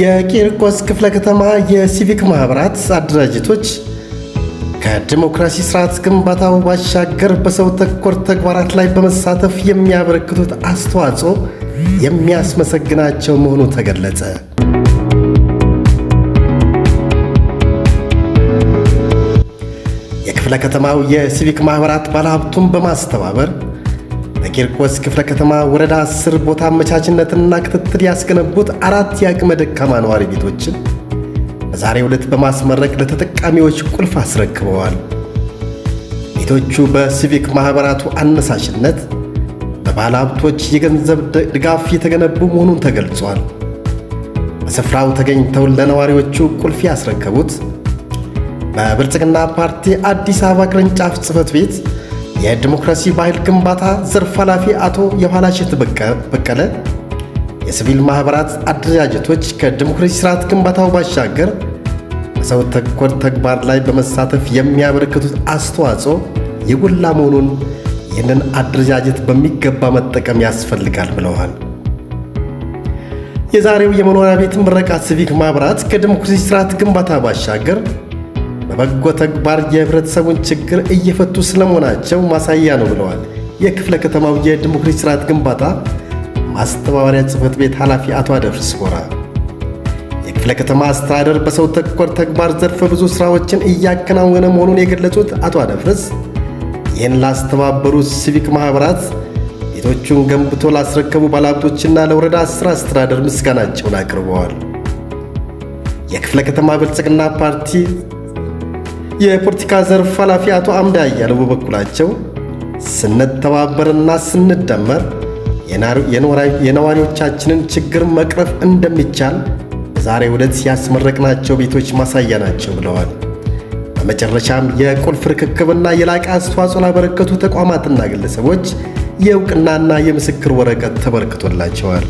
የቂርቆስ ክፍለ ከተማ የሲቪክ ማኅበራት አደራጅቶች ከዲሞክራሲ ስርዓት ግንባታው ባሻገር በሰው ተኮር ተግባራት ላይ በመሳተፍ የሚያበረክቱት አስተዋጽኦ የሚያስመሰግናቸው መሆኑ ተገለጸ። የክፍለ ከተማው የሲቪክ ማኅበራት ባለሀብቱን በማስተባበር በቂርቆስ ክፍለ ከተማ ወረዳ አስር ቦታ አመቻችነትና ክትትል ያስገነቡት አራት የአቅመ ደካማ ነዋሪ ቤቶችን በዛሬ ዕለት በማስመረቅ ለተጠቃሚዎች ቁልፍ አስረክበዋል። ቤቶቹ በሲቪክ ማኅበራቱ አነሳሽነት በባለ ሀብቶች የገንዘብ ድጋፍ የተገነቡ መሆኑን ተገልጿል። በስፍራው ተገኝተው ለነዋሪዎቹ ቁልፍ ያስረከቡት በብልጽግና ፓርቲ አዲስ አበባ ቅርንጫፍ ጽሕፈት ቤት የዲሞክራሲ ባህል ግንባታ ዘርፍ ኃላፊ አቶ የኋላሸት በቀለ የሲቪል ማኅበራት አደረጃጀቶች ከዲሞክራሲ ስርዓት ግንባታው ባሻገር በሰው ተኮር ተግባር ላይ በመሳተፍ የሚያበረክቱት አስተዋጽኦ የጎላ መሆኑን ይህንን አደረጃጀት በሚገባ መጠቀም ያስፈልጋል ብለዋል። የዛሬው የመኖሪያ ቤት ምረቃ ሲቪክ ማኅበራት ከዲሞክራሲ ስርዓት ግንባታ ባሻገር በበጎ ተግባር የህብረተሰቡን ችግር እየፈቱ ስለመሆናቸው ማሳያ ነው ብለዋል። የክፍለ ከተማው የዲሞክራሲ ስርዓት ግንባታ ማስተባበሪያ ጽህፈት ቤት ኃላፊ አቶ አደፍርስ ሆራ። የክፍለ ከተማ አስተዳደር በሰው ተኮር ተግባር ዘርፈ ብዙ ስራዎችን እያከናወነ መሆኑን የገለጹት አቶ አደፍርስ ይህን ላስተባበሩ ሲቪክ ማኅበራት ቤቶቹን ገንብቶ ላስረከቡ ባለሀብቶችና ለወረዳ ሥራ አስተዳደር ምስጋናቸውን አቅርበዋል። የክፍለ ከተማ ብልጽግና ፓርቲ የፖለቲካ ዘርፍ ኃላፊ አቶ አምዳ አያሌው በበኩላቸው ስንተባበርና ስንደመር የነዋሪዎቻችንን ችግር መቅረፍ እንደሚቻል በዛሬው ዕለት ያስመረቅናቸው ቤቶች ማሳያ ናቸው ብለዋል። በመጨረሻም የቁልፍ ርክክብና የላቀ አስተዋጽኦ ላበረከቱ ተቋማትና ግለሰቦች የእውቅናና የምስክር ወረቀት ተበርክቶላቸዋል።